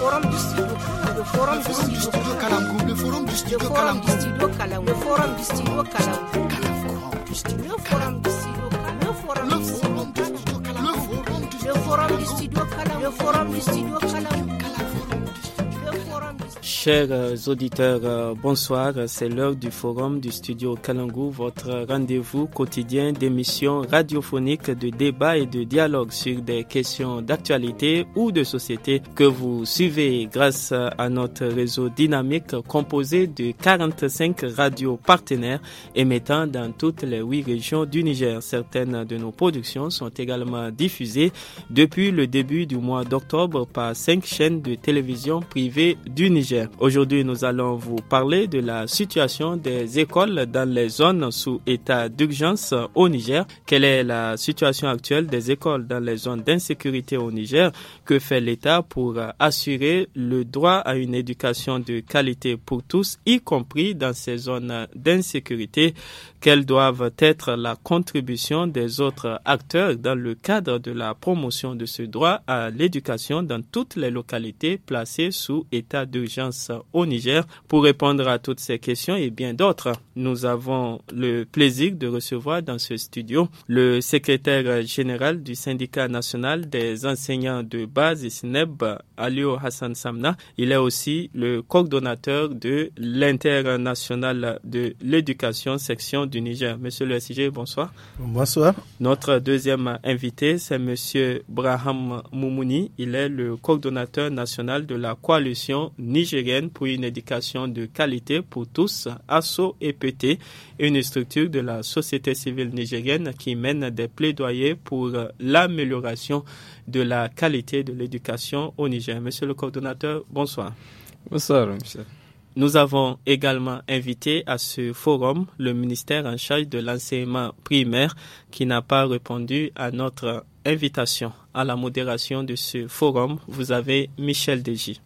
forum du studio le forum du studio forum du forum du forum du forum du forum du forum du Chers euh, auditeurs, euh, bonsoir. C'est l'heure du forum du studio Kalangou, votre rendez-vous quotidien d'émissions radiophoniques de débat et de dialogue sur des questions d'actualité ou de société que vous suivez grâce à notre réseau dynamique composé de 45 radios partenaires émettant dans toutes les huit régions du Niger. Certaines de nos productions sont également diffusées depuis le début du mois d'octobre par cinq chaînes de télévision privées du Niger. Aujourd'hui, nous allons vous parler de la situation des écoles dans les zones sous état d'urgence au Niger. Quelle est la situation actuelle des écoles dans les zones d'insécurité au Niger Que fait l'État pour assurer le droit à une éducation de qualité pour tous, y compris dans ces zones d'insécurité Quelles doivent être la contribution des autres acteurs dans le cadre de la promotion de ce droit à l'éducation dans toutes les localités placées sous état d'urgence au Niger. Pour répondre à toutes ces questions et bien d'autres, nous avons le plaisir de recevoir dans ce studio le secrétaire général du syndicat national des enseignants de base SNEB, Alio Hassan Samna. Il est aussi le coordonnateur de l'international de l'éducation section du Niger. Monsieur le SIG, bonsoir. Bonsoir. Notre deuxième invité, c'est monsieur Braham Moumouni. Il est le coordonnateur national de la coalition nigérienne pour une éducation de qualité pour tous, ASSO et PT, une structure de la société civile nigérienne qui mène des plaidoyers pour euh, l'amélioration de la qualité de l'éducation au Niger. Monsieur le coordonnateur, bonsoir. Bonsoir, monsieur. Nous avons également invité à ce forum le ministère en charge de l'enseignement primaire qui n'a pas répondu à notre invitation à la modération de ce forum. Vous avez Michel Deji.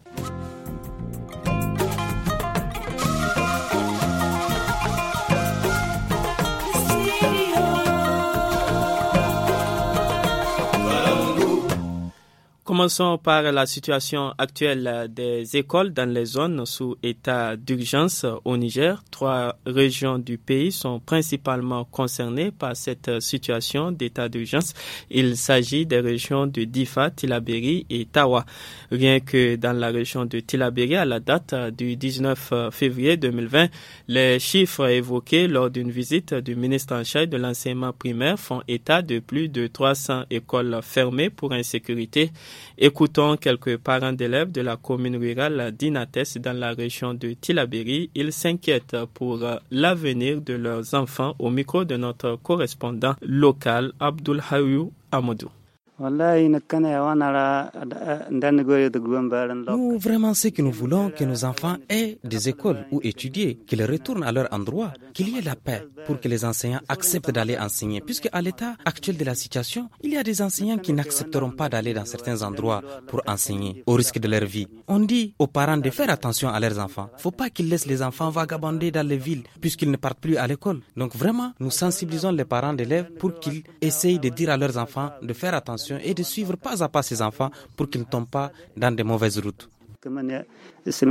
commençons par la situation actuelle des écoles dans les zones sous état d'urgence au Niger. Trois régions du pays sont principalement concernées par cette situation d'état d'urgence. Il s'agit des régions de Difa, Tilaberi et Tawa. Rien que dans la région de Tilaberi, à la date du 19 février 2020, les chiffres évoqués lors d'une visite du ministre en charge de l'enseignement primaire font état de plus de 300 écoles fermées pour insécurité Écoutons quelques parents d'élèves de la commune rurale d'Inates dans la région de Tilaberi. Ils s'inquiètent pour euh, l'avenir de leurs enfants au micro de notre correspondant local Abdul Hayou Amadou. Eh, nous, vraiment, ce que nous voulons, que nos enfants aient des écoles où étudier, qu'ils retournent à leur endroit, qu'il y ait la paix pour que les enseignants acceptent d'aller enseigner. Puisque à l'état actuel de la situation, il y a des enseignants qui n'accepteront pas d'aller dans certains endroits pour enseigner, au risque de leur vie. On dit aux parents de faire attention à leurs enfants. Faut pas qu'ils laissent les enfants vagabonder dans les villes, puisqu'ils ne partent plus à l'école. Donc vraiment, nous sensibilisons les parents d'élèves pour qu'ils essayent de dire à leurs enfants de faire attention et de suivre pas à pas ses enfants pour qu'ils ne tombent pas dans de mauvaises routes. Ce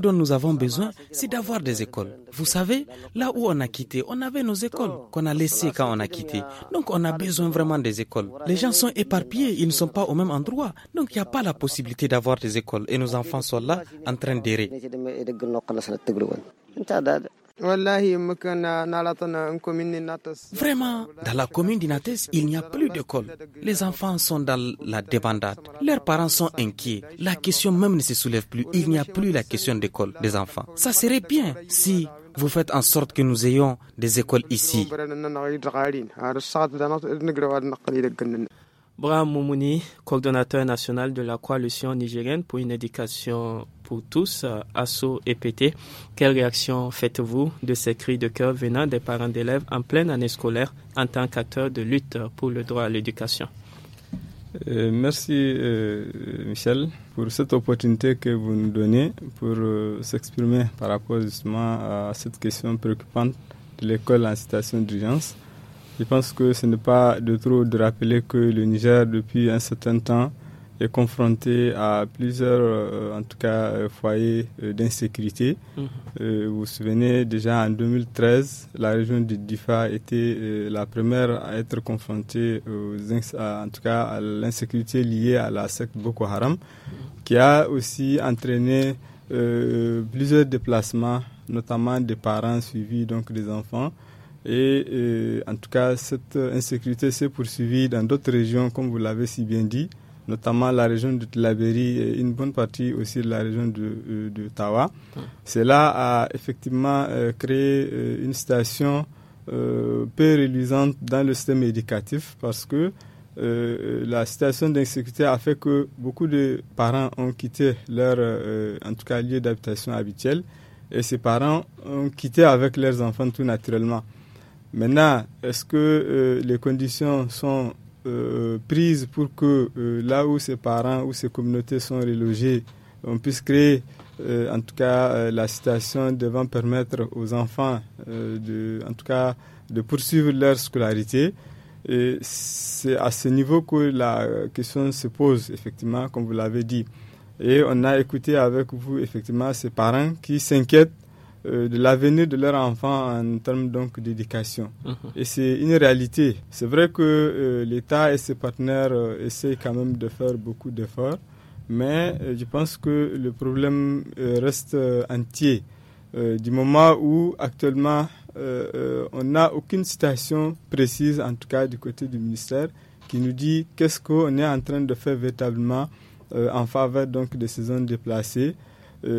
dont nous avons besoin, c'est d'avoir des écoles. Vous savez, là où on a quitté, on avait nos écoles qu'on a laissées quand on a quitté. Donc on a besoin vraiment des écoles. Les gens sont éparpillés, ils ne sont pas au même endroit. Donc il n'y a pas la possibilité d'avoir des écoles. Et nos enfants sont là en train d'errer. Vraiment, dans la commune d'Inates, il n'y a plus d'école. Les enfants sont dans la débandade. Leurs parents sont inquiets. La question même ne se soulève plus. Il n'y a plus la question d'école des enfants. Ça serait bien si vous faites en sorte que nous ayons des écoles ici. Bram Moumouni, coordonnateur national de la coalition nigérienne pour une éducation pour tous, euh, ASSO et PT. Quelle réaction faites-vous de ces cris de cœur venant des parents d'élèves en pleine année scolaire en tant qu'acteurs de lutte pour le droit à l'éducation euh, Merci euh, Michel pour cette opportunité que vous nous donnez pour s'exprimer par rapport justement à cette question préoccupante de l'école en situation d'urgence. Je pense que ce n'est pas de trop de rappeler que le Niger, depuis un certain temps, est confronté à plusieurs, euh, en tout cas, euh, foyers euh, d'insécurité. Mhm. vous vous souvenez, déjà en 2013, la région de Difa était la première à être confrontée, en tout cas, à l'insécurité liée à la secte Boko Haram, qui a aussi entraîné plusieurs déplacements, notamment des parents suivis donc des enfants. Et euh, en tout cas, cette insécurité s'est poursuivie dans d'autres régions, comme vous l'avez si bien dit, notamment la région de Tlaberi et une bonne partie aussi de la région de, euh, de Tawa. Cela a effectivement euh, créé une situation peu dans le système éducatif parce que la situation d'insécurité a fait que beaucoup de parents ont quitté leur, en tout cas, lieu d'habitation habituel. Et ces parents ont quitté avec leurs enfants tout naturellement. Maintenant, est-ce que euh, les conditions sont euh, prises pour que euh, là où ces parents ou ces communautés sont relogées, on puisse créer en tout cas la situation devant permettre aux enfants de, en tout cas, de poursuivre leur scolarité et c'est à ce niveau que la question se pose, effectivement, comme vous l'avez dit. Et on a écouté avec vous, effectivement, ces parents qui s'inquiètent euh, de l'avenir de leur enfant en termes donc d'éducation. Mhm. Et c'est une réalité. C'est vrai que euh, l'État et ses partenaires euh, essaient quand même de faire beaucoup d'efforts, mais je pense que le problème reste entier. du moment où actuellement on n'a aucune citation précise, en tout cas du côté du ministère, qui nous dit qu'est-ce qu'on est en train de faire véritablement en faveur donc ces zones déplacées.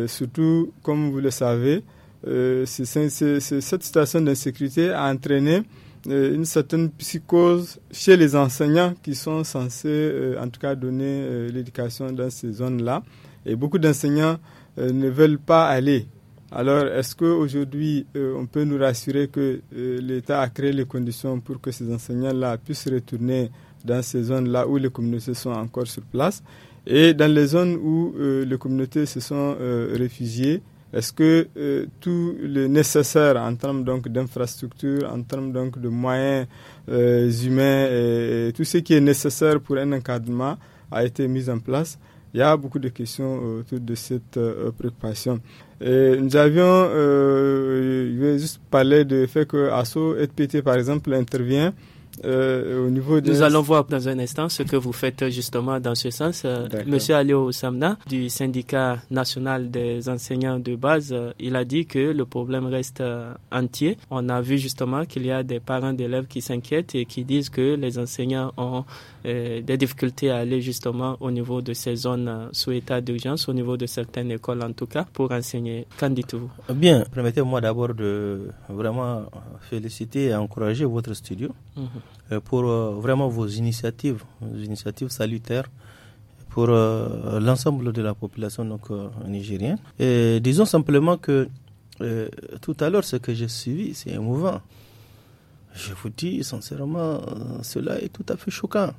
surtout, comme vous le savez, euh, cette situation d'insécurité a entraîné euh, une certaine psychose chez les enseignants qui sont censés, euh, en tout cas, donner l'éducation dans ces zones-là. Et beaucoup d'enseignants ne veulent pas aller. Alors, est-ce qu'aujourd'hui, on peut nous rassurer que l'État a créé les conditions pour que ces enseignants-là puissent retourner dans ces zones-là où les communautés sont encore sur place et dans les zones où les communautés se sont réfugiées est-ce que euh, tout le nécessaire en termes donc d'infrastructures, en termes donc de moyens euh, humains, et, tout ce qui est nécessaire pour un encadrement a été mis en place Il y a beaucoup de questions autour de cette euh, préoccupation. nous avions, je vais juste parler du fait que ASSO et par exemple intervient euh, au niveau Nous allons voir dans un instant ce que vous faites justement dans ce sens. Euh, Monsieur Alio Samna du syndicat national des enseignants de base, euh, il a dit que le problème reste entier. On a vu justement qu'il y a des parents d'élèves qui s'inquiètent et qui disent que les enseignants ont euh, des difficultés à aller justement au niveau de ces zones euh, sous état d'urgence, au niveau de certaines écoles en tout cas, pour enseigner. Qu'en dites-vous Bien, permettez-moi d'abord de vraiment féliciter et encourager votre studio mhm. euh, pour vraiment vos initiatives, vos initiatives salutaires pour l'ensemble de la population donc, nigérienne. Et disons simplement que tout à l'heure, ce que j'ai suivi, c'est émouvant. Je vous dis sincèrement, cela est tout à fait choquant.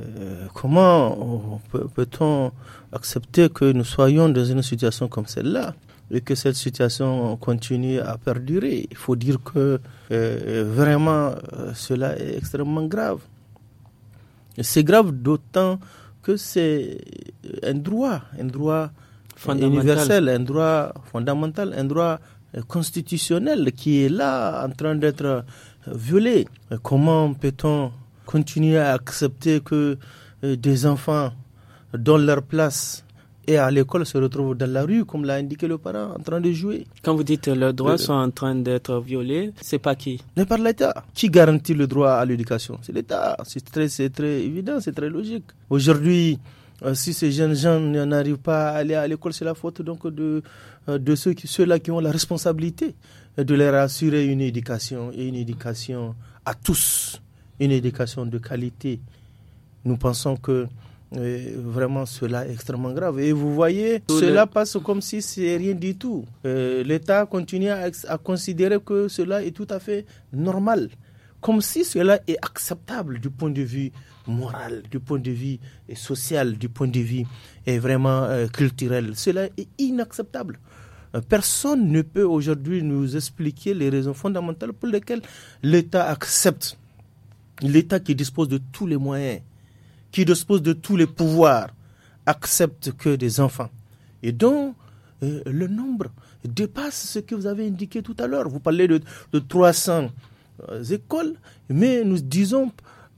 Euh, comment peut-on accepter que nous soyons dans une situation comme celle-là et que cette situation continue à perdurer Il faut dire que euh, vraiment euh, cela est extrêmement grave. C'est grave d'autant que c'est un droit, un droit universel, un droit fondamental, un droit constitutionnel qui est là en train d'être violé. Comment peut-on continuer à accepter que euh, des enfants dans leur place et à l'école se retrouvent dans la rue, comme l'a indiqué le parent, en train de jouer. Quand vous dites leurs droits euh, sont en train d'être violés, c'est pas qui Mais par l'État. Qui garantit le droit à l'éducation C'est l'État. C'est très, très évident, c'est très logique. Aujourd'hui, euh, si ces jeunes gens n'arrivent pas à aller à l'école, c'est la faute donc de, ceux qui, ceux-là qui ont la responsabilité de leur assurer une éducation et une éducation à tous une éducation de qualité. Nous pensons que euh, vraiment cela est extrêmement grave. Et vous voyez, cela passe comme si c'est rien du tout. Euh, L'État continue à, considérer que cela est tout à fait normal, comme si cela est acceptable du point de vue moral, du point de vue euh, social, du point de vue vraiment culturel. Cela est inacceptable. Personne ne peut aujourd'hui nous expliquer les raisons fondamentales pour lesquelles l'État accepte l'État qui dispose de tous les moyens, qui dispose de tous les pouvoirs, accepte que des enfants. Et dont euh, le nombre dépasse ce que vous avez indiqué tout à l'heure. Vous parlez de, 300 euh, écoles, mais nous disons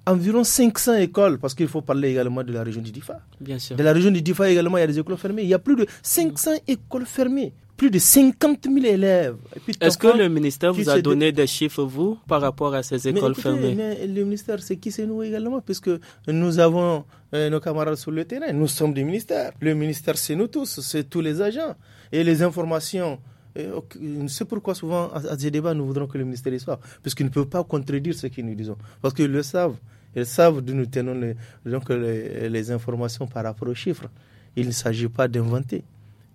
environ 500 écoles, parce qu'il faut parler également de la région du Difa. Bien sûr. De la région du Difa également, il y a des écoles fermées. Il y a plus de 500 écoles fermées plus de 50 000 élèves. Est-ce que le ministère vous a donné des chiffres, vous, par rapport à ces écoles fermées Le ministère, c'est qui c'est nous également, puisque nous avons euh, nos camarades sur le terrain. Nous sommes du ministère. Le ministère, c'est nous tous, c'est tous les agents. Et les informations c'est euh, pourquoi souvent à, ces débats, nous voudrons que le ministère y soit, puisqu'il ne peut pas contredire ce que nous disons, parce qu'ils le savent. Ils savent de nous tenons les informations par rapport aux chiffres. Il ne s'agit pas d'inventer.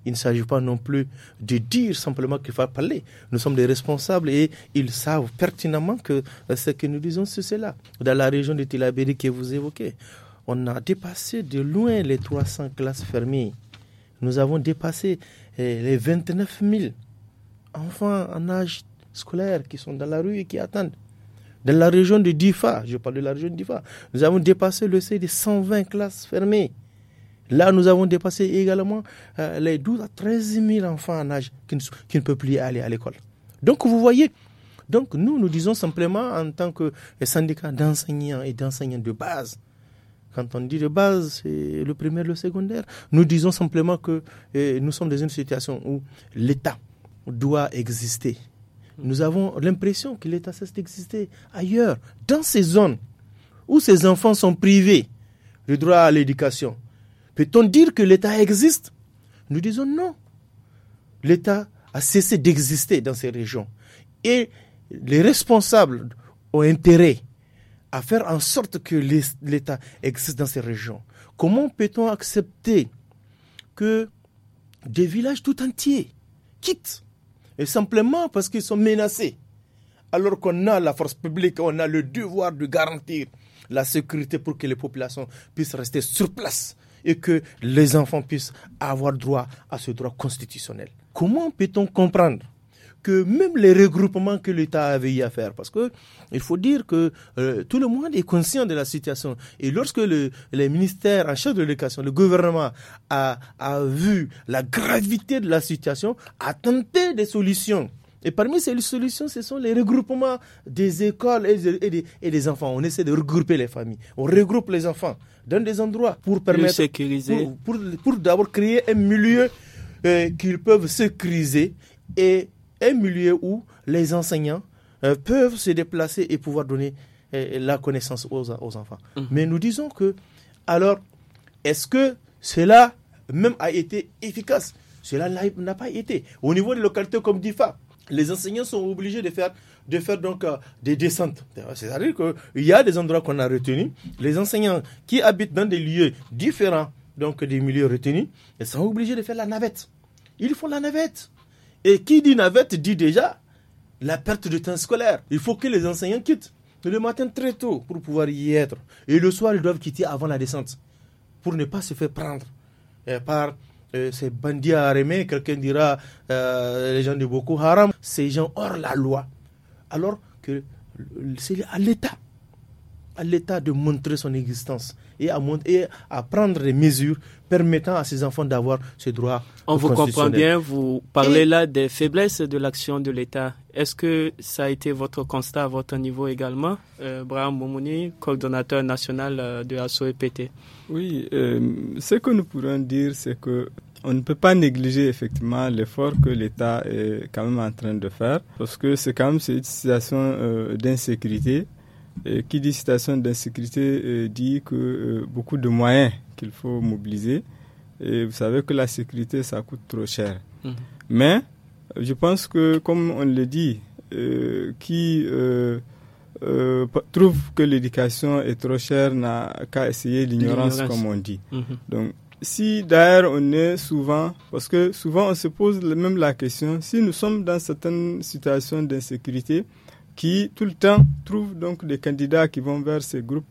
Il ne s'agit pas non plus de dire simplement qu'il faut parler. Nous sommes des responsables et ils savent pertinemment que euh, ce que nous disons, c'est cela. Dans la région de Tilabéry que vous évoquez, on a dépassé de loin les 300 classes fermées. Nous avons dépassé eh, les 29 000 enfants en âge scolaire qui sont dans la rue et qui attendent. Dans la région de Difa, je parle de la région de Difa, nous avons dépassé le seuil des 120 classes fermées. Là, nous avons dépassé également euh, les 12 à 13 000 enfants en âge qui ne, peut peuvent plus aller à l'école. Donc, vous voyez, donc nous, nous disons simplement en tant que syndicat d'enseignants et d'enseignants de base, quand on dit de base, c'est le primaire, le secondaire, nous disons simplement que euh, nous sommes dans une situation où l'État doit exister. Nous avons l'impression que l'État cesse d'exister ailleurs, dans ces zones où ces enfants sont privés du droit à l'éducation, Peut-on dire que l'État existe Nous disons non. L'État a cessé d'exister dans ces régions. Et les responsables ont intérêt à faire en sorte que l'État existe dans ces régions. Comment peut-on accepter que des villages tout entiers quittent et simplement parce qu'ils sont menacés alors qu'on a la force publique, on a le devoir de garantir la sécurité pour que les populations puissent rester sur place et que les enfants puissent avoir droit à ce droit constitutionnel. Comment peut-on comprendre que même les regroupements que l'État avait eu à faire, parce que il faut dire que euh, tout le monde est conscient de la situation. Et lorsque le, ministère ministères en charge de l'éducation, le gouvernement a, a vu la gravité de la situation, a tenté des solutions et parmi ces solutions, ce sont les regroupements des écoles et, des, enfants. On essaie de regrouper les familles. On regroupe les enfants dans des endroits pour permettre. sécuriser. Pour, pour, d'abord créer un milieu euh, qu'ils peuvent sécuriser et un milieu où les enseignants euh, peuvent se déplacer et pouvoir donner euh, la connaissance aux, enfants. Mhm. Mais nous disons que, alors, est-ce que cela même a été efficace Cela n'a pas été. Au niveau des localités comme DIFA, les enseignants sont obligés de faire, de faire donc euh, des descentes. C'est-à-dire qu'il y a des endroits qu'on a retenus. Les enseignants qui habitent dans des lieux différents donc des milieux retenus, ils sont obligés de faire la navette. Ils font la navette. Et qui dit navette dit déjà la perte de temps scolaire. Il faut que les enseignants quittent le matin très tôt pour pouvoir y être. Et le soir, ils doivent quitter avant la descente pour ne pas se faire prendre euh, par euh, ces bandits à quelqu'un dira euh, les gens de Boko Haram, ces gens hors la loi. Alors que c'est à l'État, à l'État de montrer son existence et à, prendre des mesures permettant à ces enfants d'avoir ce droit. On vous comprend bien, vous parlez là des faiblesses de l'action de l'État. Est-ce que ça a été votre constat à votre niveau également, euh, Braham coordonnateur national de ASOEPT Oui, ce que nous pourrons dire, c'est que on ne peut pas négliger effectivement l'effort que l'État est quand même en train de faire, parce que c'est quand même une situation euh, d'insécurité. Et qui dit situation d'insécurité euh, dit que euh, beaucoup de moyens qu'il faut mobiliser. Et vous savez que la sécurité, ça coûte trop cher. Mmh. Mais je pense que, comme on le dit, qui trouve que l'éducation est trop chère n'a qu'à essayer l'ignorance, comme on dit. Mmh. Donc, si d'ailleurs on est souvent, parce que souvent on se pose même la question, si nous sommes dans certaines situations d'insécurité qui tout le temps trouvent donc des candidats qui vont vers ces groupes,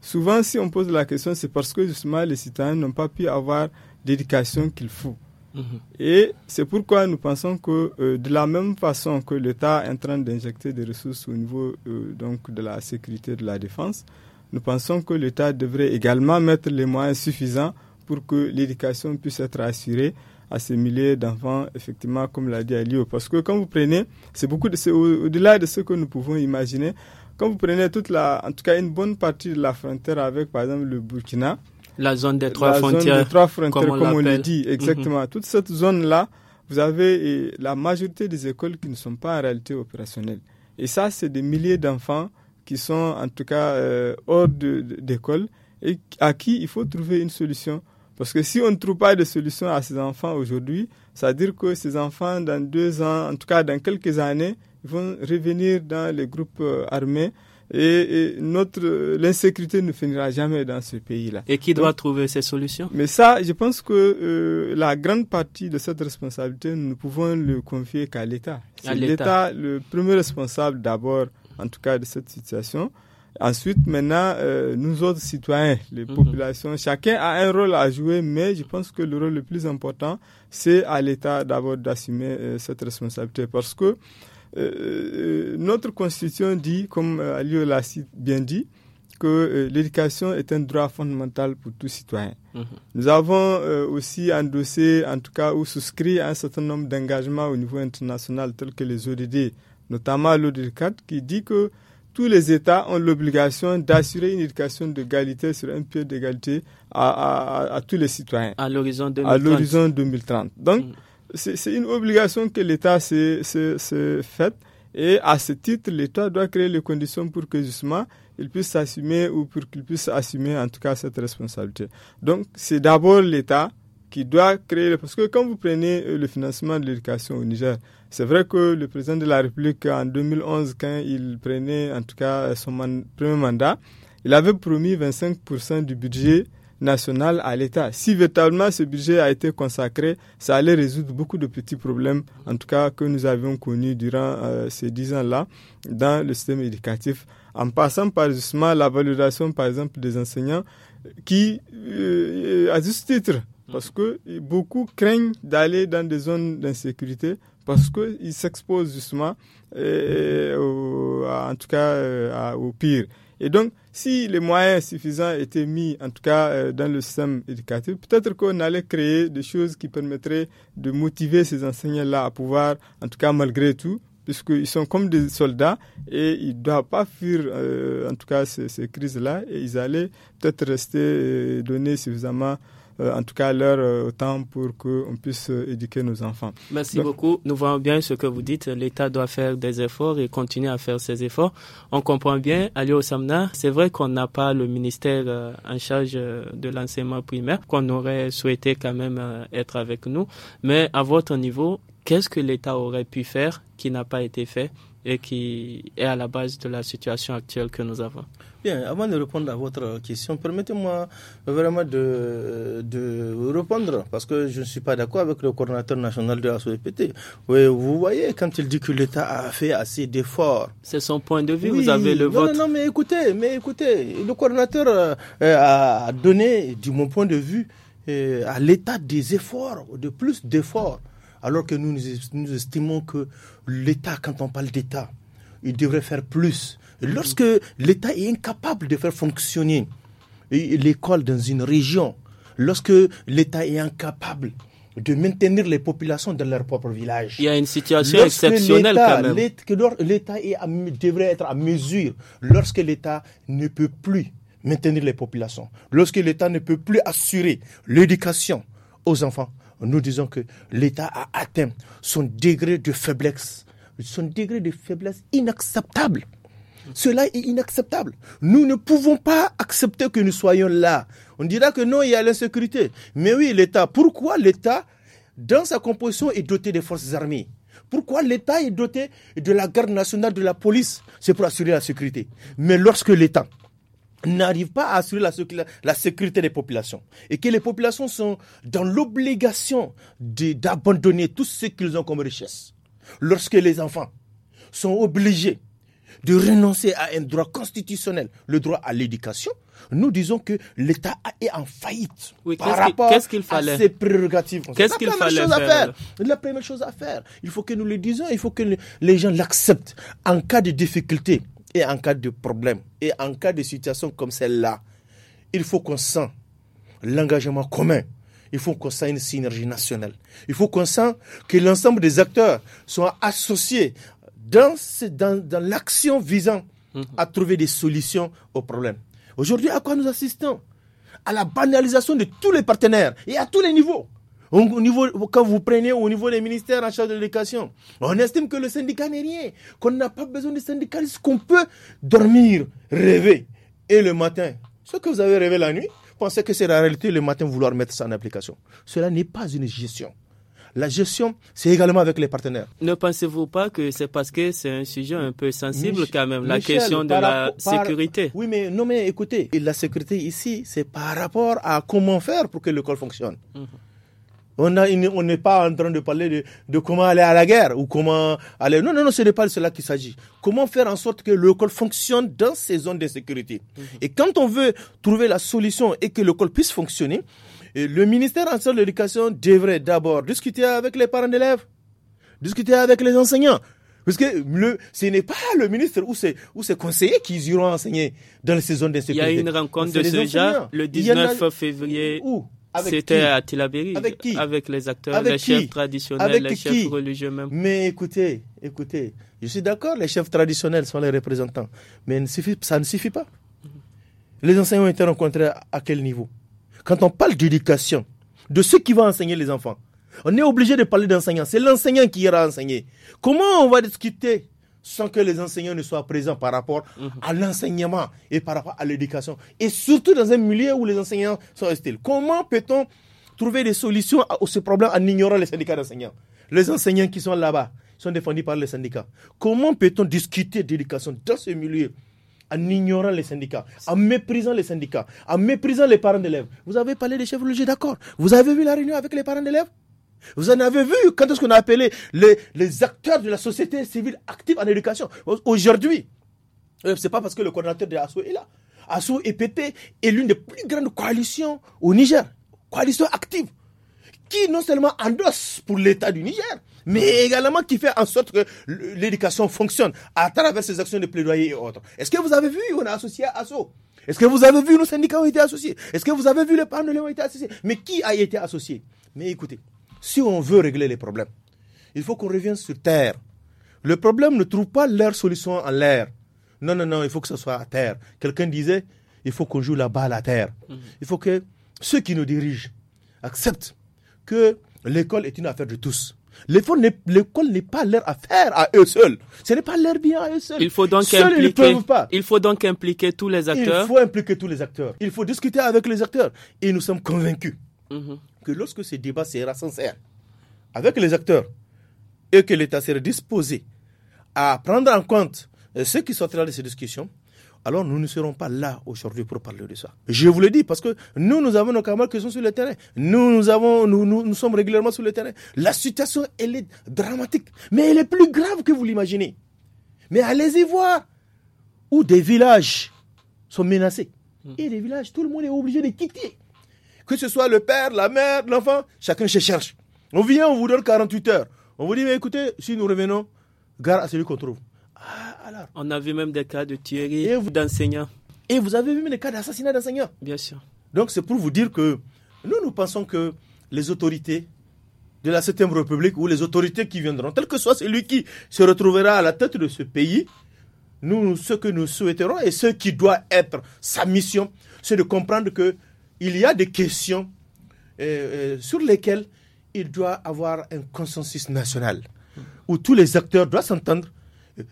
souvent si on pose la question, c'est parce que justement les citoyens n'ont pas pu avoir l'éducation qu'il faut. Mm-hmm. Et c'est pourquoi nous pensons que euh, de la même façon que l'État est en train d'injecter des ressources au niveau euh, donc de la sécurité et de la défense, nous pensons que l'État devrait également mettre les moyens suffisants que l'éducation puisse être assurée à ces milliers d'enfants, effectivement, comme l'a dit Alio. Parce que quand vous prenez, c'est beaucoup de, au-delà de ce que nous pouvons imaginer, quand vous prenez toute la, en tout cas une bonne partie de la frontière avec, par exemple, le Burkina, la zone des trois frontières, comme on, l'a dit, mhm. exactement. Toute cette zone-là, vous avez la majorité des écoles qui ne sont pas en réalité opérationnelles. Et ça, c'est des milliers d'enfants qui sont en tout cas euh, hors d'école et à qui il faut trouver une solution parce que si on ne trouve pas de solution à ces enfants aujourd'hui, ça veut dire que ces enfants, dans deux ans, en tout cas dans quelques années, vont revenir dans les groupes euh, armés. Et, notre euh, l'insécurité ne finira jamais dans ce pays-là. Et qui doit trouver ces solutions Mais ça, je pense que euh, la grande partie de cette responsabilité, nous ne pouvons le confier qu'à l'État. C'est l'État le premier responsable d'abord, en tout cas, de cette situation. Ensuite, maintenant, euh, nous autres citoyens, les mhm. populations, chacun a un rôle à jouer, mais je pense que le rôle le plus important, c'est à l'État d'abord d'assumer euh, cette responsabilité. Parce que euh, notre Constitution dit, comme Alio l'a bien dit, que l'éducation est un droit fondamental pour tout citoyen. Mhm. Nous avons aussi endossé, en tout cas, ou souscrit à un certain nombre d'engagements au niveau international, tels que les ODD, notamment l'ODD 4, qui dit que tous les États ont l'obligation d'assurer une éducation d'égalité sur un pied d'égalité à, tous les citoyens. À l'horizon 2030. 2030. Donc, mm. c'est une obligation que l'État se fait, Et à ce titre, l'État doit créer les conditions pour que justement il puisse s'assumer ou pour qu'il puisse assumer en tout cas cette responsabilité. Donc, c'est d'abord l'État qui doit créer, parce que quand vous prenez euh, le financement de l'éducation au Niger, c'est vrai que le président de la République, en 2011, quand il prenait en tout cas son premier mandat, il avait promis 25% du budget national à l'État. Si véritablement ce budget a été consacré, ça allait résoudre beaucoup de petits problèmes, en tout cas que nous avions connus durant euh, ces dix ans-là dans le système éducatif, en passant par justement la valorisation, par exemple, des enseignants, qui, euh, à juste titre, parce que beaucoup craignent d'aller dans des zones d'insécurité parce qu'ils s'exposent justement, euh, au, en tout cas, euh, au pire. Et donc, si les moyens suffisants étaient mis, en tout cas euh, dans le système éducatif, peut-être qu'on allait créer des choses qui permettraient de motiver ces enseignants-là à pouvoir, en tout cas malgré tout, puisqu'ils sont comme des soldats et ils ne doivent pas fuir, en tout cas, ces, crises-là, et ils allaient peut-être rester donnés donner suffisamment euh, en tout cas leur euh, temps pour qu'on puisse euh, éduquer nos enfants. Merci beaucoup. Nous voyons bien ce que vous dites. L'État doit faire des efforts et continuer à faire ses efforts. On comprend bien, au Samna, c'est vrai qu'on n'a pas le ministère en charge de l'enseignement primaire, qu'on aurait souhaité quand même être avec nous. Mais à votre niveau, qu'est-ce que l'État aurait pu faire qui n'a pas été fait et qui est à la base de la situation actuelle que nous avons Bien, avant de répondre à votre question, permettez-moi vraiment de, de répondre, parce que je ne suis pas d'accord avec le coordinateur national de la SOEPT. Oui, vous voyez, quand il dit que l'État a fait assez d'efforts. C'est son point de vue, vous avez le vote. Non, non, mais écoutez, mais écoutez, le coordinateur euh, a donné, du mon point de vue, euh, à l'État des efforts, de plus d'efforts, alors que nous, nous estimons que l'État, quand on parle d'État, il devrait faire plus Lorsque l'État est incapable de faire fonctionner l'école dans une région, lorsque l'État est incapable de maintenir les populations dans leur propre village. Il y a une situation exceptionnelle quand même. L'État devrait être à mesure lorsque l'État ne peut plus maintenir les populations, lorsque l'État ne peut plus assurer l'éducation aux enfants. Nous disons que l'État a atteint son degré de faiblesse, son degré de faiblesse inacceptable. Cela est inacceptable. Nous ne pouvons pas accepter que nous soyons là. On dira que non, il y a l'insécurité. Mais oui, l'État. Pourquoi l'État, dans sa composition, est doté des forces armées pourquoi l'État est doté de la garde nationale, de la police C'est pour assurer la sécurité. Mais lorsque l'État n'arrive pas à assurer la, sécurité des populations et que les populations sont dans l'obligation d'abandonner tout ce qu'ils ont comme richesse, lorsque les enfants sont obligés de renoncer à un droit constitutionnel, le droit à l'éducation, nous disons que l'État est en faillite par rapport fallait? à ses prérogatives. Qu'est-ce qu'il fallait faire, La première chose à faire, il faut que nous le disions, il faut que les gens l'acceptent. En cas de difficulté et en cas de problème et en cas de situation comme celle-là, il faut qu'on sent l'engagement commun il faut qu'on sent une synergie nationale. Il faut qu'on sent que l'ensemble des acteurs soient associés dans, dans, l'action visant mhm. à trouver des solutions aux problèmes. Aujourd'hui, à quoi nous assistons À la banalisation de tous les partenaires et à tous les niveaux. Au niveau, quand vous prenez au niveau des ministères en charge de l'éducation, on estime que le syndicat n'est rien, qu'on n'a pas besoin de syndicalisme, qu'on peut dormir, rêver. Et le matin, ce que vous avez rêvé la nuit, pensez que c'est la réalité le matin vouloir mettre ça en application. Cela n'est pas une gestion. La gestion, c'est également avec les partenaires. Ne pensez-vous pas que c'est parce que c'est un sujet un peu sensible quand même, la question de la sécurité Oui, mais non, mais écoutez, la sécurité ici, c'est par rapport à comment faire pour que l'école fonctionne. Mhm. On n'est pas en train de parler de, de, comment aller à la guerre ou comment aller. Non, non, non, ce n'est pas de cela qu'il s'agit. Comment faire en sorte que l'école fonctionne dans ces zones de sécurité. Mhm. Et quand on veut trouver la solution et que l'école puisse fonctionner, le ministère en charge de l'éducation devrait d'abord discuter avec les parents d'élèves, discuter avec les enseignants. Parce que le, ce n'est pas le ministre ou ses, ou conseillers qui iront enseigner dans les saisons d'insécurité. Il y a une rencontre de ce genre le 19 février. Où c'était à Tilaberi. Avec qui Avec les acteurs, les chefs traditionnels, les chefs religieux même. Mais écoutez, écoutez, je suis d'accord, les chefs traditionnels sont les représentants. Mais ça ne suffit pas. Mm-hmm. Les enseignants ont été rencontrés à quel niveau quand on parle d'éducation, de ce qui va enseigner les enfants, on est obligé de parler d'enseignants. C'est l'enseignant qui ira enseigner. Comment on va discuter sans que les enseignants ne soient présents par rapport mhm. à l'enseignement et par rapport à l'éducation Et surtout dans un milieu où les enseignants sont hostiles. Comment peut-on trouver des solutions à ce problème en ignorant les syndicats d'enseignants Les enseignants qui sont là-bas sont défendus par les syndicats. Comment peut-on discuter d'éducation dans ce milieu en ignorant les syndicats, en méprisant les syndicats, en méprisant les parents d'élèves. Vous avez parlé des chefs religieux, d'accord. Vous avez vu la réunion avec les parents d'élèves vous en avez vu quand est-ce qu'on a appelé les, acteurs de la société civile active en éducation Aujourd'hui, euh, ce n'est pas parce que le coordinateur de ASSO est là. et EPP est l'une des plus grandes coalitions au Niger, coalition active qui non seulement endosse pour l'État du Niger, mais également qui fait en sorte que l'éducation fonctionne à travers ses actions de plaidoyer et autres. Est-ce que vous avez vu, on a associé à ASSO Est-ce que vous avez vu, nos syndicats ont été associés Est-ce que vous avez vu, les parents ont été associés Mais qui a été associé Mais écoutez, si on veut régler les problèmes, il faut qu'on revienne sur terre. Le problème ne trouve pas leur solution en l'air. Non, non, non, il faut que ce soit à terre. Quelqu'un disait, il faut qu'on joue la balle à terre. Mmh. Il faut que ceux qui nous dirigent acceptent que l'école est une affaire de tous. L'école n'est pas leur affaire à eux seuls. Ce n'est pas leur bien à eux seuls. Il faut donc impliquer, ils ne pas. Il faut donc impliquer tous les acteurs. Il faut impliquer tous les acteurs. Il faut discuter avec les acteurs. Et nous sommes convaincus mhm. que lorsque ce débat sera sincère avec les acteurs et que l'État sera disposé à prendre en compte euh, ceux qui sortiront de ces discussions, alors nous ne serons pas là aujourd'hui pour parler de ça. Je vous le dis parce que nous, nous avons nos camarades qui sont sur le terrain. Nous, nous, avons, nous, nous, sommes régulièrement sur le terrain. La situation, elle est dramatique, mais elle est plus grave que vous l'imaginez. Mais allez-y voir où des villages sont menacés. Hmm. Et les villages, tout le monde est obligé de quitter. Que ce soit le père, la mère, l'enfant, chacun se cherche. On vient, on vous donne 48 heures. On vous dit, mais écoutez, si nous revenons, garde à celui qu'on trouve. Ah, on a vu même des cas de tuerie d'enseignants. Et vous avez vu même des cas d'assassinat d'enseignants. Bien sûr. Donc c'est pour vous dire que nous, nous pensons que les autorités de la Septième République ou les autorités qui viendront, tel que soit celui qui se retrouvera à la tête de ce pays, nous, ce que nous souhaiterons et ce qui doit être sa mission, c'est de comprendre que il y a des questions euh, euh, sur lesquelles il doit avoir un consensus national, où tous les acteurs doivent s'entendre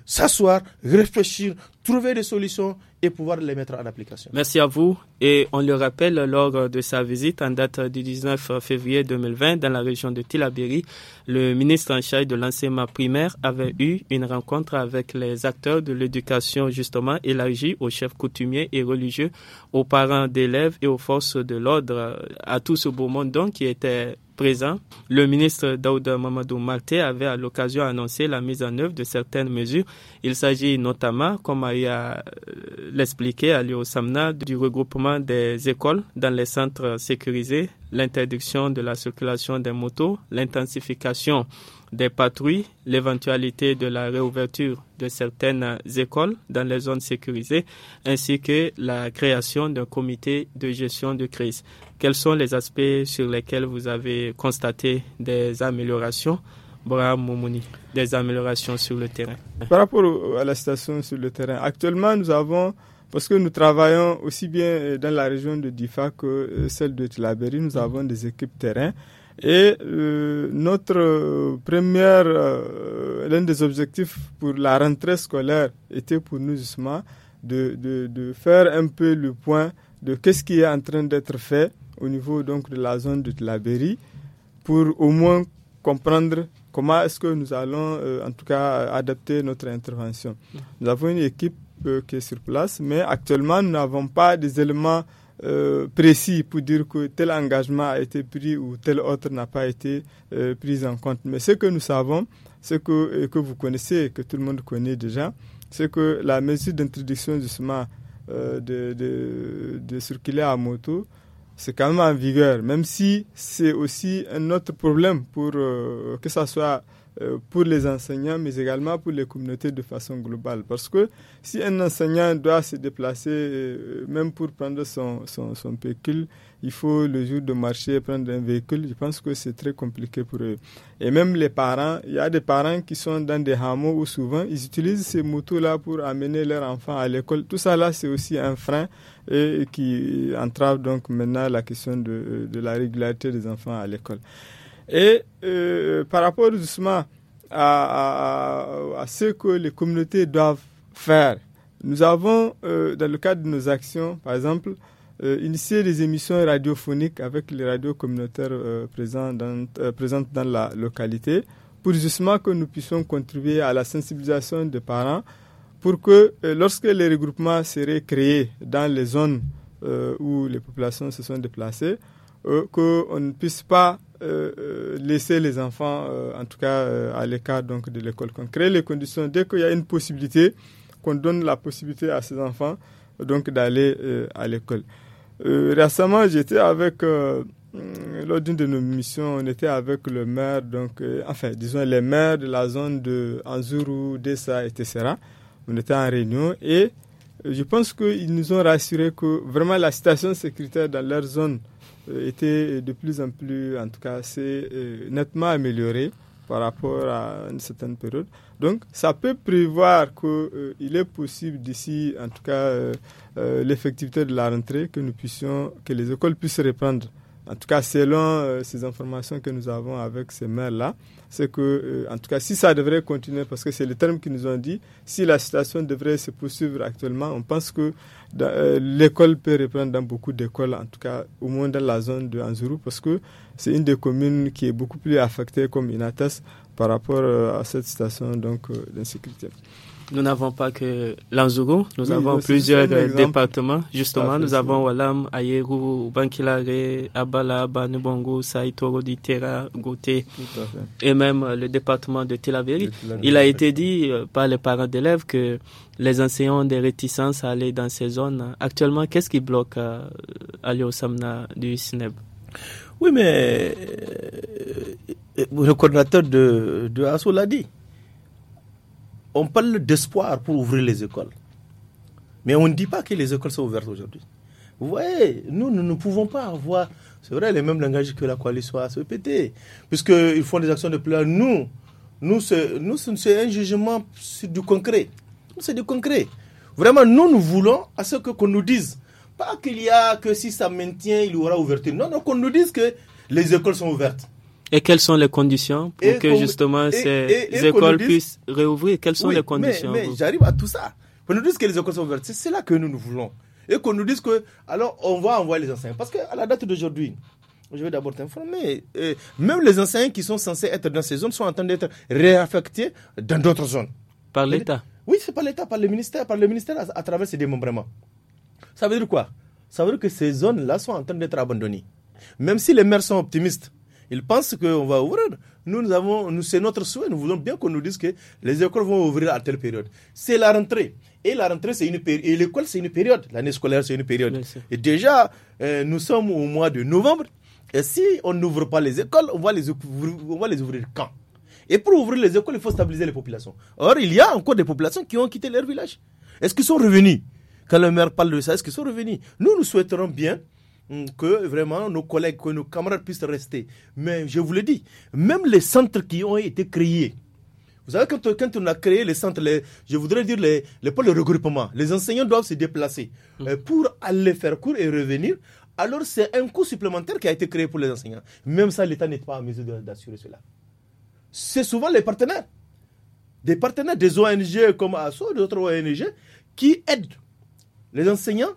s'asseoir, réfléchir, trouver des solutions et pouvoir les mettre en application. Merci à vous. Et on le rappelle, lors de sa visite en date du 19 février 2020 dans la région de Tilabiri, le ministre en charge de l'enseignement primaire avait eu une rencontre avec les acteurs de l'éducation justement élargie aux chefs coutumiers et religieux, aux parents d'élèves et aux forces de l'ordre, à tout ce beau monde donc qui était présent, le ministre Daouda Mamadou Marté avait à l'occasion annoncé la mise en œuvre de certaines mesures. Il s'agit notamment, comme a eu à euh, l'expliquer du regroupement des écoles dans les centres sécurisés, l'interdiction de la circulation des motos, l'intensification des patrouilles, l'éventualité de la réouverture de certaines écoles dans les zones sécurisées, ainsi que la création d'un comité de gestion de crise. Quels sont les aspects sur lesquels vous avez constaté des améliorations Braham Moumouni, des améliorations sur le terrain Par rapport à la situation sur le terrain, actuellement nous avons parce que nous travaillons aussi bien euh, dans la région de Difa que euh, celle de Tilaberi. Nous avons des équipes terrain et euh, notre première, euh, l'un des objectifs pour la rentrée scolaire était pour nous justement de, de, faire un peu le point de qu'est-ce qui est en train d'être fait au niveau donc de la zone de Tlaberi pour au moins comprendre comment est-ce que nous allons euh, en tout cas adapter notre intervention. Nous avons une équipe qui est sur place, mais actuellement nous n'avons pas des éléments euh, précis pour dire que tel engagement a été pris ou tel autre n'a pas été euh, pris en compte. Mais ce que nous savons, ce que, vous connaissez que tout le monde connaît déjà, c'est que la mesure d'introduction justement euh, de, de, de, circuler à moto, c'est quand même en vigueur, même si c'est aussi un autre problème pour que ça soit euh, pour les enseignants, mais également pour les communautés de façon globale. Parce que si un enseignant doit se déplacer, euh, même pour prendre son, son, pécule, il faut le jour de marché prendre un véhicule. Je pense que c'est très compliqué pour eux. Et même les parents, il y a des parents qui sont dans des hameaux où souvent ils utilisent ces motos-là pour amener leurs enfants à l'école. Tout ça là, c'est aussi un frein et qui entrave donc maintenant la question de, de la régularité des enfants à l'école. Et euh, par rapport justement à, ce que les communautés doivent faire, nous avons, euh, dans le cadre de nos actions, par exemple, euh, initié des émissions radiophoniques avec les radios communautaires présentes dans, présentes dans la localité pour justement que nous puissions contribuer à la sensibilisation des parents pour que lorsque les regroupements seraient créés dans les zones où les populations se sont déplacées, qu'on ne puisse pas euh, euh, laisser les enfants, euh, en tout cas à l'écart donc de l'école, qu'on crée les conditions dès qu'il y a une possibilité, qu'on donne la possibilité à ces enfants donc d'aller à l'école. récemment, j'étais avec mm, lors d'une de nos missions, on était avec le maire, donc enfin disons les maires de la zone de Anzuru, Dessa, etc. On était en réunion et je pense qu'ils nous ont rassuré que vraiment la situation sécuritaire dans leur zone euh, était de plus en plus, en tout cas, assez euh, nettement améliorée par rapport à une certaine période. Donc, ça peut prévoir qu'il euh, est possible d'ici, en tout cas, l'effectivité de la rentrée, que nous puissions, que les écoles puissent reprendre en tout cas, selon euh, ces informations que nous avons avec ces maires-là, c'est que, euh, en tout cas, si ça devrait continuer, parce que c'est le terme qu'ils nous ont dit, si la situation devrait se poursuivre actuellement, on pense que euh, l'école peut reprendre dans beaucoup d'écoles, en tout cas, au moins dans la zone de Anzuru, parce que c'est une des communes qui est beaucoup plus affectée comme Inatas par rapport à cette situation donc d'insécurité nous n'avons pas que Lanzuru, nous avons plusieurs euh, départements. Justement, nous avons Walam, Ayerou, Bankilare, Abala, Banubongo, Saitoro, Diterra, Gote et même euh, le département de Tilaveri. Il a été dit euh, par les parents d'élèves que les enseignants ont des réticences à aller dans ces zones. Actuellement, qu'est-ce qui bloque à, aller au Samna du Sineb Oui, mais le coordinateur de, de l'a dit on parle d'espoir pour ouvrir les écoles. Mais on ne dit pas que les écoles sont ouvertes aujourd'hui. Vous voyez, nous, nous ne pouvons pas avoir, c'est vrai, les mêmes langages que la coalition e puisque puisqu'ils font des actions de plein. Nous, nous, c'est un jugement du concret. C'est du concret. Vraiment, nous, nous voulons à ce que qu'on nous dise. Pas qu'il y a que si ça maintient, il y aura ouverture. Non, non, qu'on nous dise que les écoles sont ouvertes. Et quelles sont les conditions pour que justement ces écoles puissent réouvrir Quelles sont les conditions Mais, j'arrive à tout ça. Qu'on nous dise que les écoles sont ouvertes, c'est là que nous nous voulons. Et qu'on nous dise que, alors, on va envoyer les enseignants. Parce qu'à la date d'aujourd'hui, je vais d'abord t'informer, euh, même les enseignants qui sont censés être dans ces zones sont en train d'être réaffectés dans d'autres zones. Par l'État Oui, c'est par l'État, par le ministère, par le ministère à, à travers ces démembrements. Ça veut dire quoi Ça veut dire que ces zones-là sont en train d'être abandonnées. Même si les maires sont optimistes, ils pensent qu'on va ouvrir. Nous, nous avons, nous, c'est notre souhait. Nous voulons bien qu'on nous dise que les écoles vont ouvrir à telle période. C'est la rentrée. Et la rentrée, c'est une période. Et l'école, c'est une période. L'année scolaire, c'est une période. Et déjà, euh, nous sommes au mois de novembre. Et si on n'ouvre pas les écoles, on les on va les ouvrir quand Et pour ouvrir les écoles, il faut stabiliser les populations. Or, il y a encore des populations qui ont quitté leur village. Est-ce qu'ils sont revenus Quand le maire parle de ça, est-ce qu'ils sont revenus Nous, nous souhaiterons bien que vraiment nos collègues, que nos camarades puissent rester. Mais je vous le dis, même les centres qui ont été créés, vous savez, quand, on a créé les centres, je voudrais dire les, les pôles de regroupement, les enseignants doivent se déplacer mm. euh, pour aller faire cours et revenir. Alors c'est un coût supplémentaire qui a été créé pour les enseignants. Même ça, l'État n'est pas en mesure d'assurer cela. C'est souvent les partenaires, des partenaires des ONG comme ASSO, d'autres ONG, qui aident les enseignants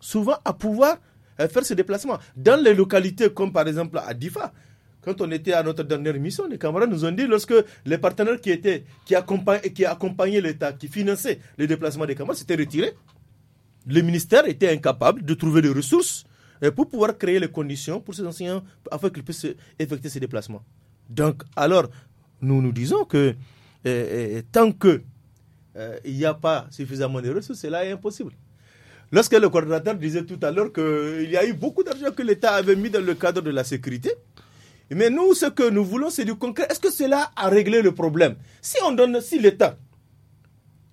souvent à pouvoir euh, faire ce déplacement. Dans les localités comme par exemple à Difa, quand on était à notre dernière mission, les camarades nous ont dit lorsque les partenaires qui étaient, qui accompagnaient, qui accompagnaient l'État, qui finançaient les déplacements des camarades, s'étaient retirés. Le ministère était incapable de trouver les ressources euh, pour pouvoir créer les conditions pour ces enseignants afin qu'ils puissent effectuer ces déplacements. Donc, alors, nous nous disons que euh, tant que il n'y a pas suffisamment de ressources, cela est impossible. Lorsque le coordinateur disait tout à l'heure qu'il y a eu beaucoup d'argent que l'État avait mis dans le cadre de la sécurité, mais nous, ce que nous voulons, c'est du concret. Est-ce que cela a réglé le problème Si on donne, si l'État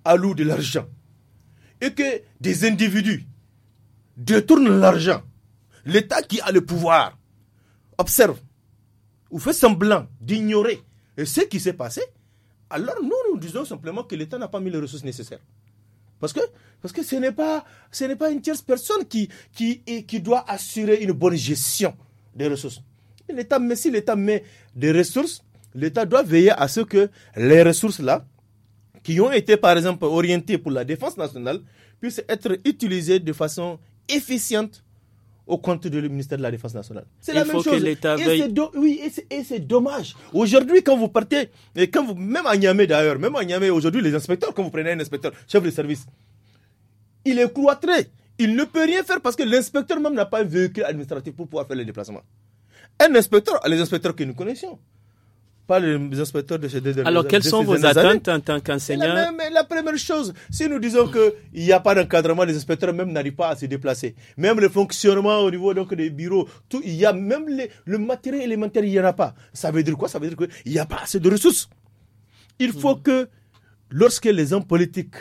alloue de l'argent et que des individus détournent l'argent, l'État qui a le pouvoir observe ou fait semblant d'ignorer ce qui s'est passé, alors nous, nous disons simplement que l'État n'a pas mis les ressources nécessaires. Parce que, parce que ce n'est pas, ce n'est pas une tierce personne qui, qui, qui doit assurer une bonne gestion des ressources. L'État, mais si l'État met des ressources, l'État doit veiller à ce que les ressources-là, qui ont été par exemple orientées pour la défense nationale, puissent être utilisées de façon efficiente au compte du ministère de la Défense nationale. C'est la même chose. Et Oui, et c'est dommage. Aujourd'hui, quand vous partez, quand vous, même à Niamey d'ailleurs, même à Niamey, aujourd'hui, les inspecteurs, quand vous prenez un inspecteur, chef de service, il est cloîtré. Il ne peut rien faire parce que l'inspecteur même n'a pas un véhicule administratif pour pouvoir faire les déplacements. Un inspecteur, les inspecteurs que nous connaissions, pas les inspecteurs de Alors, quelles sont vos attentes en tant qu'enseignant la, première chose, si nous disons qu'il n'y a pas d'encadrement, les inspecteurs même n'arrivent pas à se déplacer. Même le fonctionnement au niveau donc, des bureaux, tout, il y a même le matériel élémentaire, il n'y en a pas. Ça veut dire quoi Ça veut dire qu'il n'y a pas assez de ressources. Il faut que, lorsque les hommes politiques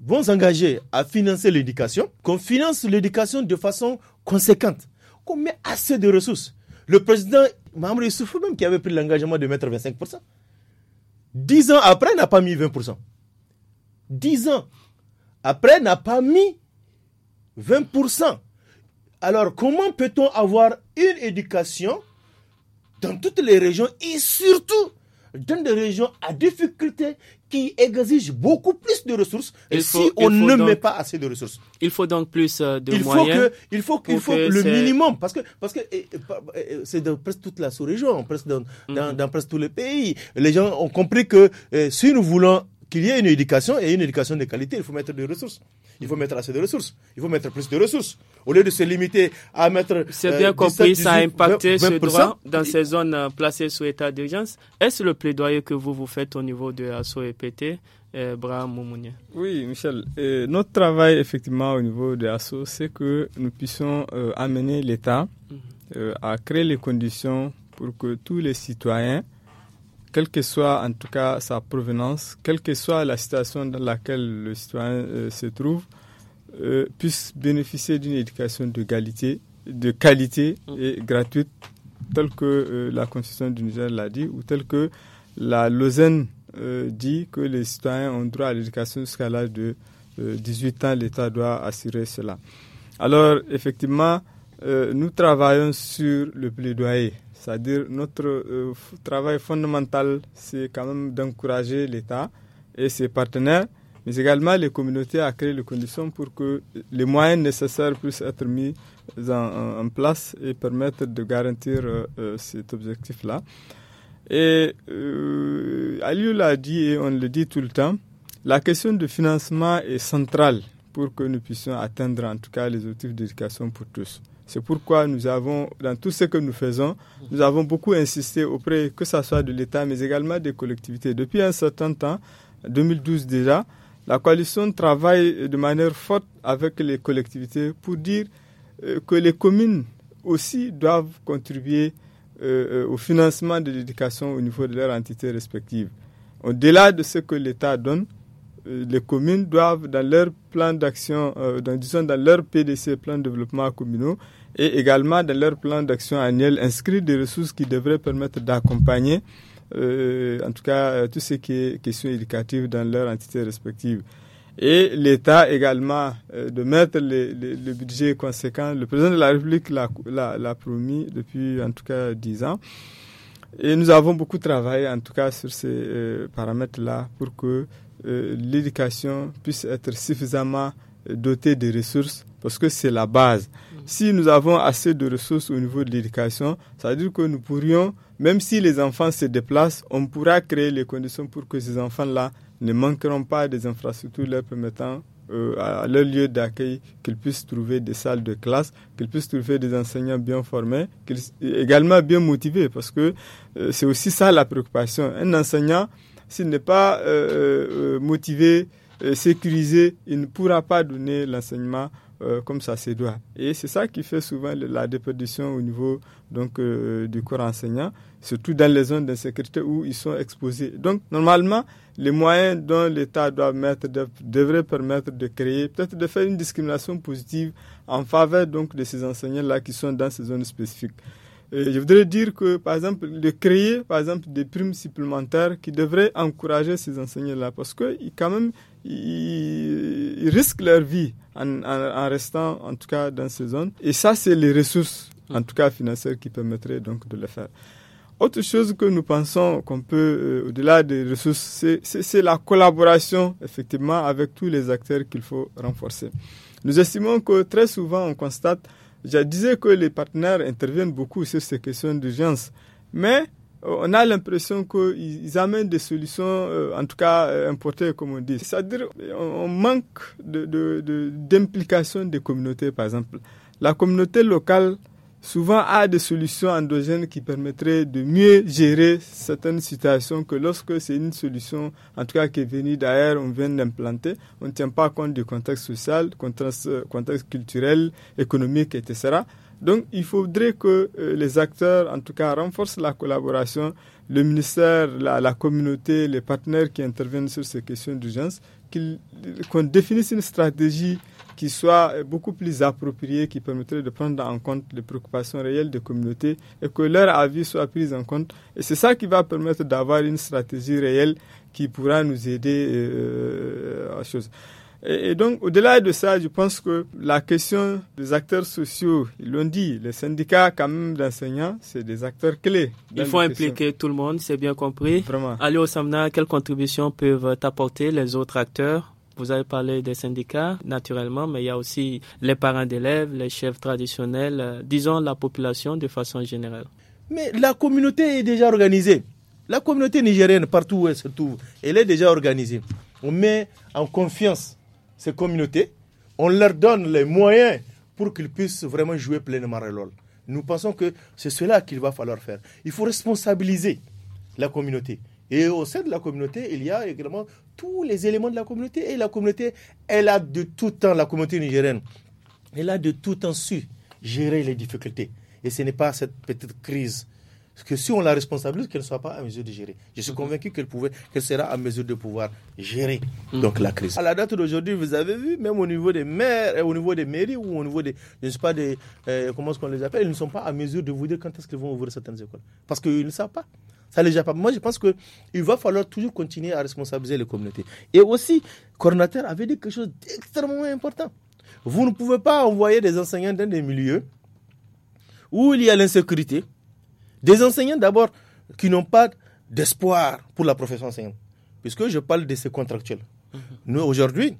vont s'engager à financer l'éducation, qu'on finance l'éducation de façon conséquente, qu'on met assez de ressources. Le président Mahamoud Issoufou, même qui avait pris l'engagement de mettre 25%, 10 ans après n'a pas mis 20%. 10 ans après n'a pas mis 20%. Alors comment peut-on avoir une éducation dans toutes les régions et surtout dans des régions à difficulté qui exigent beaucoup plus de ressources si on ne met pas assez de ressources. Il faut donc plus euh, de il Faut que, il faut, le minimum, parce que parce que c'est dans presque toute la sous-région, presque mhm. dans, presque tous les pays. Les gens ont compris que euh, si nous voulons qu'il y ait une éducation et une éducation de qualité, il faut mettre des ressources. Il faut mettre assez de ressources. Il faut mettre plus de ressources. Au lieu de se limiter à mettre. C'est euh, bien compris, ça a impacté ce droit dans ces zones euh, placées sous état d'urgence. Est-ce le plaidoyer que vous vous faites au niveau de l'ASSO-EPT, euh, Braham euh, oui, Michel. notre travail, effectivement, au niveau de l'ASSO, c'est que nous puissions amener l'État mhm. à créer les conditions pour que tous les citoyens quelle que soit en tout cas sa provenance, quelle que soit la situation dans laquelle le citoyen euh, se trouve, euh, puisse bénéficier d'une éducation de qualité, de qualité mm. et gratuite, telle que euh, la Constitution du Niger l'a dit, ou telle que la Lausanne dit que les citoyens ont droit à l'éducation jusqu'à l'âge de 18 ans. L'État doit assurer cela. Alors, effectivement, euh, nous travaillons sur le plaidoyer. C'est-à-dire notre euh, travail fondamental, c'est quand même d'encourager l'État et ses partenaires, mais également les communautés à créer les conditions pour que les moyens nécessaires puissent être mis en, place et permettre de garantir euh, cet objectif-là. Et Aliou l'a dit et on le dit tout le temps, la question du financement est centrale pour que nous puissions atteindre en tout cas les objectifs d'éducation pour tous. C'est pourquoi nous avons, dans tout ce que nous faisons, nous avons beaucoup insisté auprès, que ce soit de l'État, mais également des collectivités. Depuis un certain temps, 2012 déjà, la coalition travaille de manière forte avec les collectivités pour dire euh, que les communes aussi doivent contribuer euh, euh, au financement de l'éducation au niveau de leur entités respectives. Au-delà de ce que l'État donne, euh, les communes doivent, dans leur plan d'action, euh, dans, disons dans leur PDC, plan de développement communaux, et également dans leur plan d'action annuel, inscrire des ressources qui devraient permettre d'accompagner, euh, en tout cas, tout ce qui est question éducative dans leur entité respective. Et l'État également, de mettre le, le, budget conséquent. Le président de la République l'a promis depuis, en tout cas, dix ans. Et nous avons beaucoup travaillé, en tout cas, sur ces paramètres-là pour que euh, l'éducation puisse être suffisamment euh, dotée de ressources parce que c'est la base. Mm. Si nous avons assez de ressources au niveau de l'éducation, ça veut dire que nous pourrions, même si les enfants se déplacent, on pourra créer les conditions pour que ces enfants-là ne manqueront pas des infrastructures leur permettant euh, à leur lieu d'accueil, qu'ils puissent trouver des salles de classe, qu'ils puissent trouver des enseignants bien formés, également bien motivés, parce que c'est aussi ça la préoccupation. Un enseignant s'il n'est pas euh, euh, euh, motivé, sécurisé, il ne pourra pas donner l'enseignement comme ça se doit. Et c'est ça qui fait souvent la déperdition au niveau du corps enseignant, surtout dans les zones d'insécurité où ils sont exposés. Donc normalement, les moyens dont l'État doit mettre devraient permettre de créer, peut-être de faire une discrimination positive en faveur de ces enseignants-là qui sont dans ces zones spécifiques je voudrais dire que, par exemple, de créer, par exemple, des primes supplémentaires qui devraient encourager ces enseignants-là, parce que quand même, ils, risquent leur vie en, restant, en tout cas, dans ces zones. Et ça, c'est les ressources, en tout cas financières, qui permettraient donc de le faire. Autre chose que nous pensons qu'on peut, euh, au-delà des ressources, c'est la collaboration, effectivement, avec tous les acteurs qu'il faut renforcer. Nous estimons que très souvent, on constate je disais que les partenaires interviennent beaucoup sur ces questions d'urgence, mais euh, on a l'impression qu'ils amènent des solutions, euh, en tout cas euh, importées, comme on dit. C'est-à-dire on, manque d'implication de, de, des communautés, par exemple. La communauté locale souvent a des solutions endogènes qui permettraient de mieux gérer certaines situations que lorsque c'est une solution, en tout cas qui est venue d'ailleurs, on vient d'implanter, on ne tient pas compte du contexte social, contexte, contexte culturel, économique, etc. Donc il faudrait que euh, les acteurs, en tout cas, renforcent la collaboration, le ministère, la, la communauté, les partenaires qui interviennent sur ces questions d'urgence, qu'on définisse une stratégie qui soit euh, beaucoup plus appropriée, qui permettrait de prendre en compte les préoccupations réelles des communautés et que leur avis soit pris en compte. Et c'est ça qui va permettre d'avoir une stratégie réelle qui pourra nous aider euh, à à choses. Et, donc, au-delà de ça, je pense que la question des acteurs sociaux, ils l'ont dit, les syndicats quand même d'enseignants, c'est des acteurs clés. Il faut impliquer tout le monde, c'est bien compris. Vraiment. Allez au Samna, quelles contributions peuvent apporter les autres acteurs vous avez parlé des syndicats, naturellement, mais il y a aussi les parents d'élèves, les chefs traditionnels, euh, disons la population de façon générale. Mais la communauté est déjà organisée. La communauté nigérienne, partout où elle se trouve, elle est déjà organisée. On met en confiance ces communautés, on leur donne les moyens pour qu'ils puissent vraiment jouer pleinement leur rôle. Nous pensons que c'est cela qu'il va falloir faire. Il faut responsabiliser la communauté. Et au sein de la communauté, il y a également tous les éléments de la communauté. Et la communauté, elle a de tout temps, la communauté nigérienne, elle a de tout temps su gérer les difficultés. Et ce n'est pas cette petite crise que si on la responsabilise, qu'elle ne soit pas en mesure de gérer. Je suis convaincu qu'elle pouvait, qu'elle sera en mesure de pouvoir gérer mm. donc la crise. À la date d'aujourd'hui, vous avez vu, même au niveau des maires, au niveau des mairies ou au niveau des, je ne sais pas des, euh, comment est-ce qu'on les appelle, ils ne sont pas en mesure de vous dire quand est-ce qu'ils vont ouvrir certaines écoles, parce qu'ils ne savent pas. Ça les pas. Moi, je pense que il va falloir toujours continuer à responsabiliser les communautés. Et aussi, coordinateur avait dit quelque chose d'extrêmement important. Vous ne pouvez pas envoyer des enseignants dans des milieux où il y a l'insécurité, des enseignants d'abord qui n'ont pas d'espoir pour la profession enseignante, puisque je parle de ces contractuels. Mhm. Nous, aujourd'hui,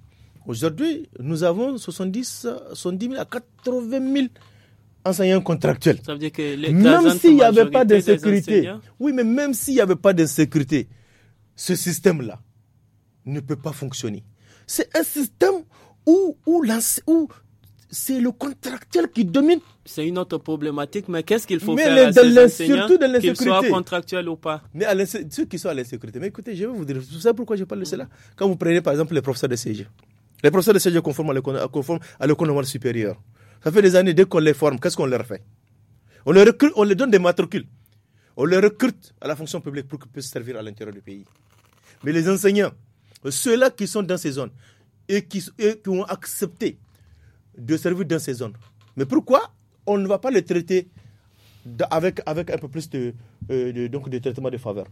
aujourd'hui, nous avons 70, 70 000 à 80 000 enseignants contractuels. Ça veut dire que les même s'il n'y avait pas de sécurité, oui, mais même s'il n'y avait pas de sécurité, ce système-là ne peut pas fonctionner. C'est un système où, où, où c'est le contractuel qui domine. C'est une autre problématique, mais qu'est-ce qu'il faut faire surtout qu'ils soient contractuels ou pas Mais ceux qui sont à l'insécurité, mais écoutez, je vais vous dire, vous savez pourquoi je parle de cela Quand vous prenez par exemple les professeurs de CG, les professeurs de CG conformes à l'économie supérieure, ça fait des années, dès qu'on les forme, qu'est-ce qu'on leur fait on les, recrute, on les donne des matricules, on les recrute à la fonction publique pour qu'ils puissent servir à l'intérieur du pays. Mais les enseignants, ceux-là qui sont dans ces zones et qui ont accepté de servir dans ces zones. Mais pourquoi on ne va pas les traiter avec, avec un peu plus euh, de, donc de traitement de faveur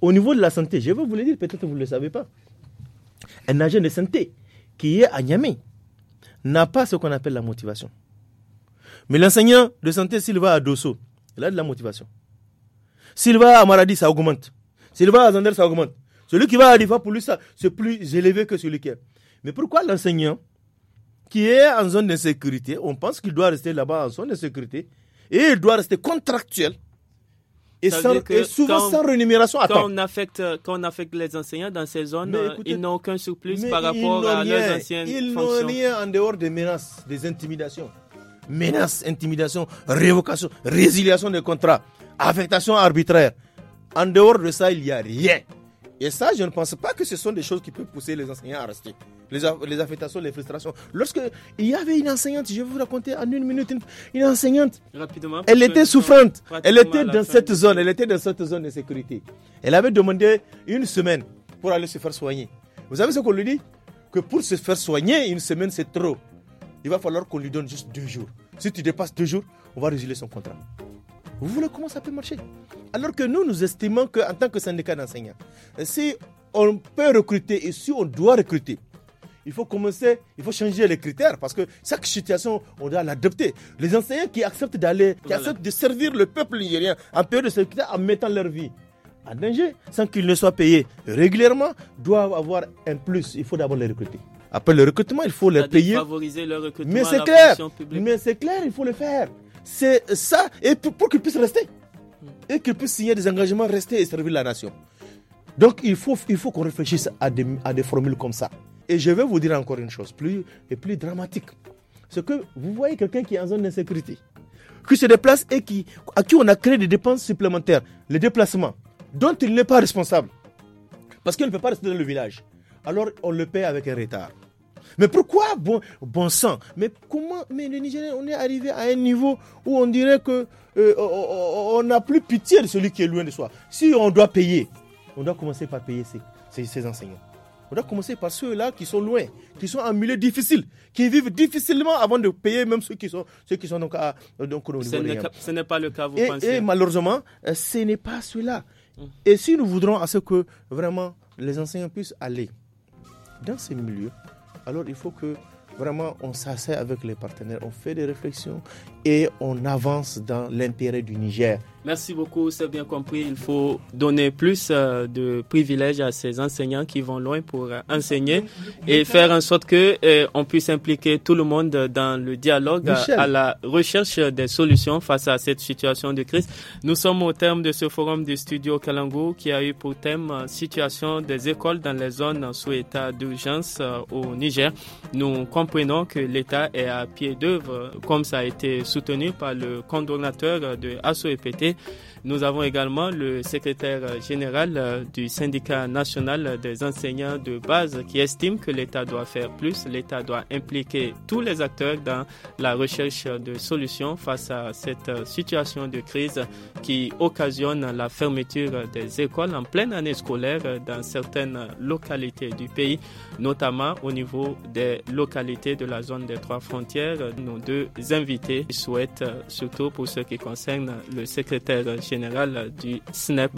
Au niveau de la santé, je vais vous le dire, peut-être vous ne le savez pas. Un agent de santé qui est à Niamey n'a pas ce qu'on appelle la motivation. Mais l'enseignant de santé, s'il va à Dosso, il a de la motivation. S'il va à Maradi, ça augmente. S'il va à Zander, ça augmente. Celui qui va à Difa, pour lui, ça, c'est plus élevé que celui qui est. Mais pourquoi l'enseignant qui est en zone d'insécurité, on pense qu'il doit rester là-bas en zone de sécurité et il doit rester contractuel. Et, sans, et souvent sans rémunération. Quand on, affecte, quand on affecte les enseignants dans ces zones, ils n'ont aucun surplus par rapport à leurs anciennes Ils n'ont rien en dehors des menaces, des intimidations. Menaces, intimidations, révocation, résiliation des contrats, affectation arbitraire. En dehors de ça, il n'y a rien. Et ça, je ne pense pas que ce sont des choses qui peuvent pousser les enseignants à rester. Les, affectations, les frustrations. Lorsque il y avait une enseignante, je vais vous raconter en une minute, une, enseignante, Rapidement, elle était souffrante. Elle était dans cette zone, elle était dans cette zone de sécurité. Elle avait demandé une semaine pour aller se faire soigner. Vous savez ce qu'on lui dit Que pour se faire soigner, une semaine, c'est trop. Il va falloir qu'on lui donne juste deux jours. Si tu dépasses deux jours, on va résilier son contrat. Vous voulez comment ça peut marcher Alors que nous, nous estimons qu'en tant que syndicat d'enseignants, si on peut recruter et si on doit recruter, il faut commencer, il faut changer les critères parce que chaque situation, on doit l'adopter. Les enseignants qui acceptent d'aller, qui acceptent de servir le peuple nigérien en période de sécurité en mettant leur vie en danger, sans qu'ils ne soient payés régulièrement, doivent avoir un plus. Il faut d'abord les recruter. Après le recrutement, il faut les payer. Favoriser le recrutement mais c'est clair, mais c'est clair, il faut le faire c'est ça, et pour, qu'il puisse rester. Et qu'il puisse signer des engagements, rester et servir la nation. Donc il faut, qu'on réfléchisse à des, formules comme ça. Et je vais vous dire encore une chose, plus, et plus dramatique. C'est que vous voyez quelqu'un qui est en zone d'insécurité, qui se déplace et qui, à qui on a créé des dépenses supplémentaires, les déplacements, dont il n'est pas responsable. Parce qu'il ne peut pas rester dans le village. Alors on le paie avec un retard. Mais pourquoi, bon, bon sang Mais comment Mais le Nigeria on est arrivé à un niveau où on dirait que euh, on n'a plus pitié de celui qui est loin de soi. Si on doit payer, on doit commencer par payer ces enseignants. On doit commencer par ceux-là qui sont loin, qui sont en milieu difficile, qui vivent difficilement avant de payer même ceux qui sont, ceux qui sont donc, à, donc au niveau Ce n'est pas le cas, vous pensez Et malheureusement, euh, ce n'est pas cela. Et si nous voudrons à ce que vraiment les enseignants puissent aller dans ces milieux, alors il faut que vraiment on s'asseye avec les partenaires, on fait des réflexions et on avance dans l'intérêt du Niger. Merci beaucoup, c'est bien compris. Il faut donner plus euh, de privilèges à ces enseignants qui vont loin pour euh, enseigner et faire en sorte que euh, on puisse impliquer tout le monde dans le dialogue à la recherche des solutions face à cette situation de crise. Nous sommes au terme de ce forum du studio Kalango qui a eu pour thème situation des écoles dans les zones sous état d'urgence au Niger. Nous comprenons que l'État est à pied d'œuvre comme ça a été soutenu par le condamnateur de ASOEPT nous avons également le secrétaire euh, général euh, du syndicat national des enseignants de base qui estime que l'État doit faire plus, l'État doit impliquer tous les acteurs dans la recherche de solutions face à cette euh, situation de crise qui occasionne la fermeture des écoles en pleine année scolaire dans certaines localités du pays, notamment au niveau des localités de la zone des trois frontières. Nos deux invités souhaitent, surtout pour ce qui concerne le secrétaire secrétaire général du SNEP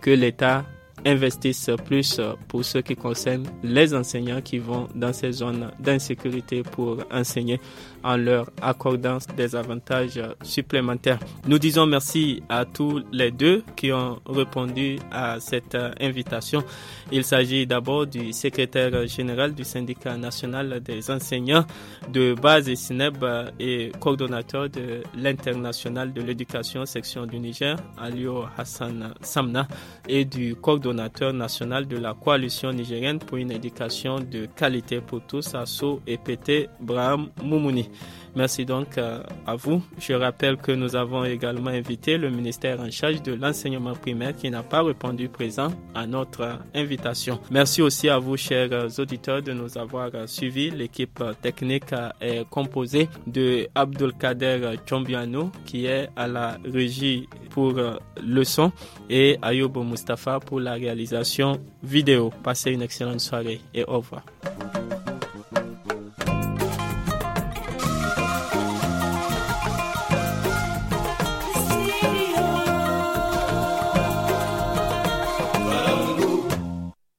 que l'État investissent plus euh, pour ce qui concerne les enseignants qui vont dans ces zones d'insécurité pour enseigner en leur accordant des avantages euh, supplémentaires. Nous disons merci à tous les deux qui ont répondu à cette euh, invitation. Il s'agit d'abord du secrétaire général du syndicat national des enseignants de base et SINEB et coordonnateur de l'international de l'éducation section du Niger, Alio Hassan Samna, et du coordonnateur donateur national de la coalition nigérienne pour une éducation de qualité pour tous, Asso et PT Braham Moumouni. Merci donc euh, à vous. Je rappelle que nous avons également invité le ministère en charge de l'enseignement primaire qui n'a pas répondu présent à notre euh, invitation. Merci aussi à vous, chers euh, auditeurs, de nous avoir suivis. L'équipe technique est composée de abdelkader Chombiano qui est à la régie pour le son et Ayoub Mustafa pour la réalisation vidéo. Passez une excellente soirée et au revoir.